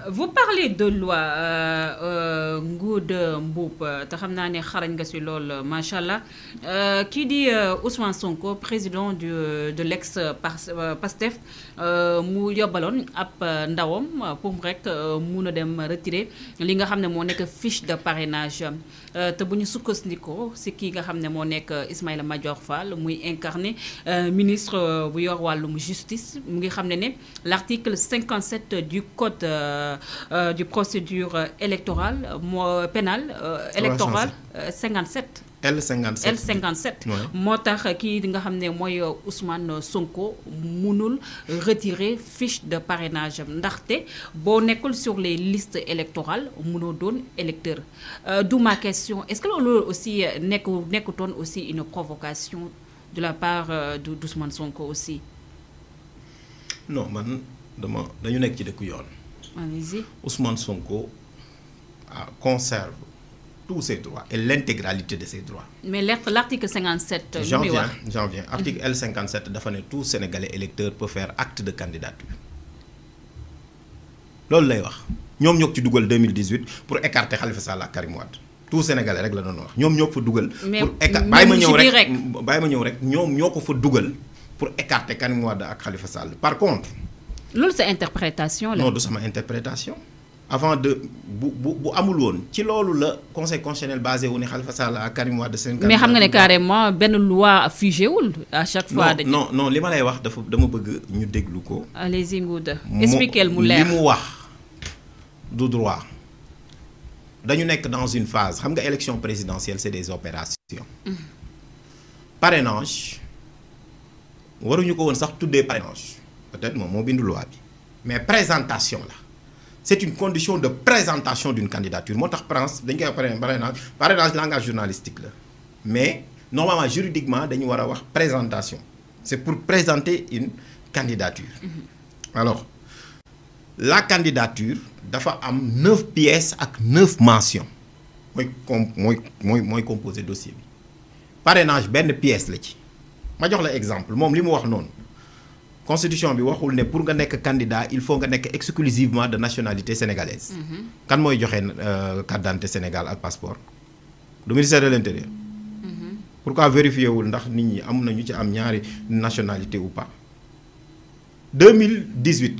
Euh, vous parlez de loi euh, euh, Ngouda Mboup te xam naa xarañ nga si lool macha Ousmane Sonko président du de l'ex ex Pastef mu yobaloon ab ndawam pour rek mun a dem retirer li nga xam ne moo fiche de parrainage te bu ñu sukkandikoo si nga xam Ismaïla Madior Fall muy incarné ministre bu yor justice mu ngi xam ne 57 du code. Euh, euh, du procédure euh, électorale, pénale, électorale, 57. L57 L57 Motar Ousmane Sonko munul retirer fiche de parrainage ndaxte sur les listes électorales Muno don électeur d'où ma question est-ce que loolu aussi aussi une provocation de la part d'Ousmane Sonko aussi. non man dama dañu nekk ci Ousmane Sonko conserve tous ses droits et l'intégralité de ses droits. Mais l'article 57... Euh, j'en viens, j'en viens. Article L57, tout Sénégalais électeur peut faire acte de candidature. loolu lay wax Nous avons fait ci 2018 pour écarter Khalifa Sall Karim Wade tout sénégalais règle non doon wax avons fait fa pour écarter bàyyi ma ñëw rek ma pour écarter Karim Wade ak Khalifa Sall par contre. C'est sa interprétation non du sama interprétation. avant de bou bu bu amul woon ci loolu la conseil constitutionnel basé wu ne face à la Karim de seen. mais xam nga carrément ben loi figé wul à chaque fois. non non li ma lay wax dafa dama bëgg ñu déglu ko. allez-y Ngouda expliquez mu leer li mu wax du droit dañu nekk dans une phase xam nga élection présidentielle c'est des opérations. Mm. parrainage waruñu ko woon sax des parrainage peut-être mon mobile loi mais présentation là c'est une condition de présentation d'une candidature Je tax que dañ koy parrainage langage journalistique mais normalement juridiquement il faut avoir présentation c'est pour présenter une candidature mm-hmm. alors la candidature dafa am 9 pièces ak 9 mentions moins com mooy composé dossier parrainage ben pièce pièces. ci ma jox un exemple Je constitution bi waxul ne pour nga candidat il faut nga nek exclusivement de nationalité sénégalaise. Mhm. kan avez joxe euh, carte d'identité Sénégal ak passeport. du ministère de l'intérieur. Mhm. pourquoi vérifier wul ndax nit ñi nationalité ou pas. 2018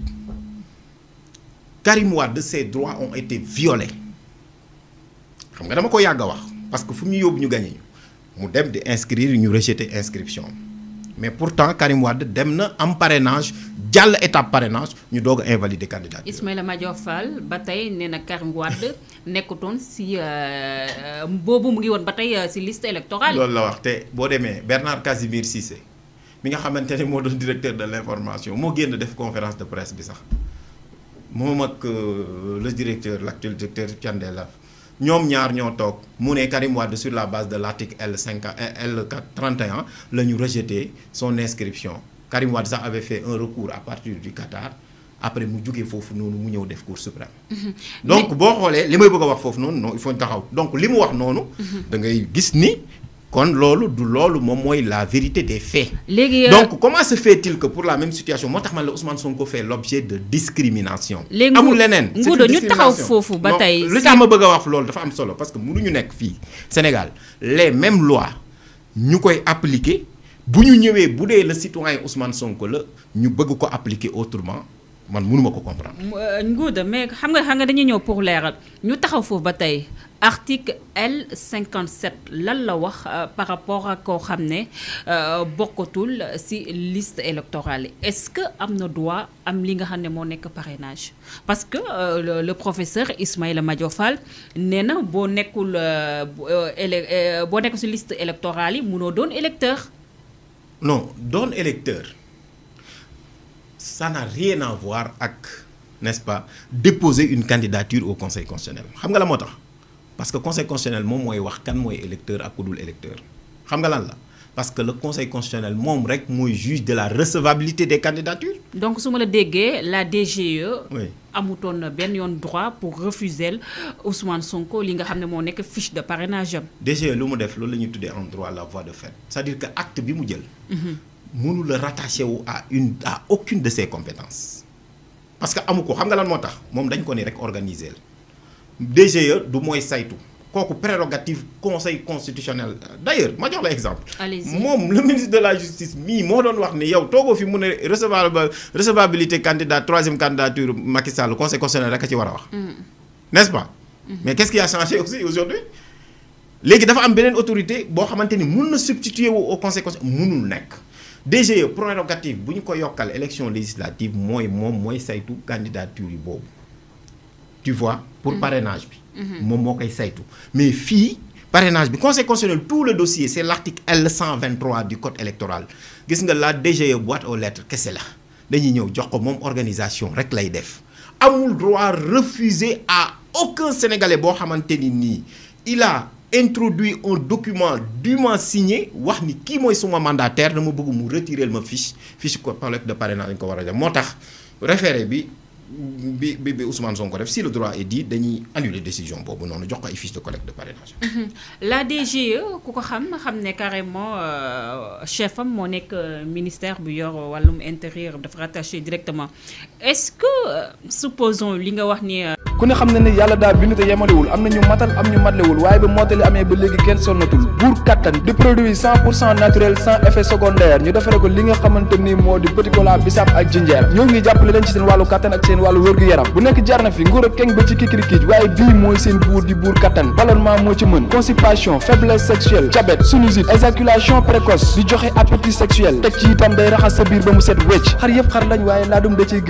Karim de ses droits ont été violés xam nga dama ko parce que fu ñu yob ñu gagné ñu mu dem de inscrire ñu rejeter inscription mais pourtant Karim Wade demna en parrainage jàll étape parrainage ñu doog invalidé invalider candidat Ismaïla Madior Fall ba tey Karim Wade nekkutoon si euh, euh, bobu mu ngi won batay euh, si liste électorale lool la wax té bo démé Bernard Casimir Cissé mi nga xamante mo do directeur de l'information. mo moo def conférence de presse bi sax moom ak le directeur qui actuel directeur Thiandella nous ñaar ñoo Karim sur la base de l'article l eh, L31 son inscription Karim Wade avait fait un recours à partir du Qatar après mu jugee fofu mu def suprême. Mhm. donc bo wax non il faut donc wax mhm kon ce du loolu la vérité des faits. Euh, donc comment se fait-il que pour la même situation motax mal Ousmane Sonko fait l'objet de discrimination. amul leneen nguudo ñu taxaw fofu ba tay. Lu tax ma bëgg wax loolu dafa am solo parce que mënuñu nekk fi Sénégal les mêmes lois ñukoy appliquer bu ñu ñëwee bu le citoyen Ousmane Sonko nous ñu bëgg ko appliquer autrement man mënuma ko comprendre. Euh, Ngouda mais xam nga xam nga dañuy ñëw pour leeral ñu taxaw foofu ba tey article L 57 lan la wax euh, par rapport ak koo xam ne euh, bokkatul ci liste électorale est-ce que am na droit am li nga xam ne moo parrainage parce que le professeur Ismaïla Madjofal Fall nee na boo nekkul boo liste électorale yi mënoo doon électeur. non doon électeur ça n'a rien à voir avec, n'est-ce pas déposer une candidature au conseil constitutionnel Je nga la parce que conseil constitutionnel moi qui wax kan est électeur ak ku électeur parce que le conseil constitutionnel moi rek juge de la recevabilité des candidatures. donc si vous dégué, la DGE. E oui un droit pour refuser Ousmane Sonko li nga xam fiche de parrainage DGE lu mu def loolu la ñuy en droit la voie de fait c'est-à-dire que l'acte est -hmm. Nous ne le pas à une à aucune de ses compétences parce que Amuko, ko xam nga lan moo tax moom dañ ko ni rek organiser tout, DGE du mooy saytu prérogative conseil constitutionnel je vais vous un un exemple. le ministre de la justice il a dit que ni yow ne recevabilité candidat troisième candidature Macky Sall conseil constitutionnel rek a ci mm. ce pas. Mm. mais quest ce qui a changé aussi aujourd'hui léegi dafa am une autorité qui peut ni na substituer au conseil constitutionnel pas. DGE prérogative si ko yokal élection législative moy mom moy saytu candidature yi tu vois pour mm-hmm. parrainage bi mom mm-hmm. moo koy saytu mais fi parrainage bi conseil constitutionnel tout le dossier c'est l'article l' 123 du code électoral gis nga la DGE boîte aux lettres qu'est-ce qu'est-ce là dañuy ñëw jox ko mom organisation rek lay def amul droit refuser à aucun sénégalais bo xamante ni il a introduit un document dûment signé wax ni kii suma mandataire dama bëgg mu retirer ma fiche fiche ko collecte de parrainage dañu ko war a référé bi bi bi Ousmane Sonko def si le droit est dit dañuy annuler décision bobu nonu jox ko ay fiche de collecte de parrainage. Mhm. la DGE ku ko xam xam carrément euh, chef am moo euh, ministère bu yor walum intérieur dafa rattaché directement est-ce que euh, supposons li nga wax ni. ku ne xam ne ne yàlla daal bindu yemalewul am na ñu matal am ñu matlewul waaye ba mottali amee ba léegi kenn sonnatul buur kattan di produit cent pour cent naturel sans effet secondaire ñu defare ko li nga xamante ni moo di petit cola bisaab ak jinjeer ñoo ngi jàppale leen ci seen wàllu kattan ak seen wàllu wërgu yaram bu nekk jarna fi nguur ak keng ba ci kikirikiij waaye bii mooy seen buur di buur kattan ballonnement moo ci mën constipation faiblesse sa biir ba mu set wecc xar yëpp xar lañ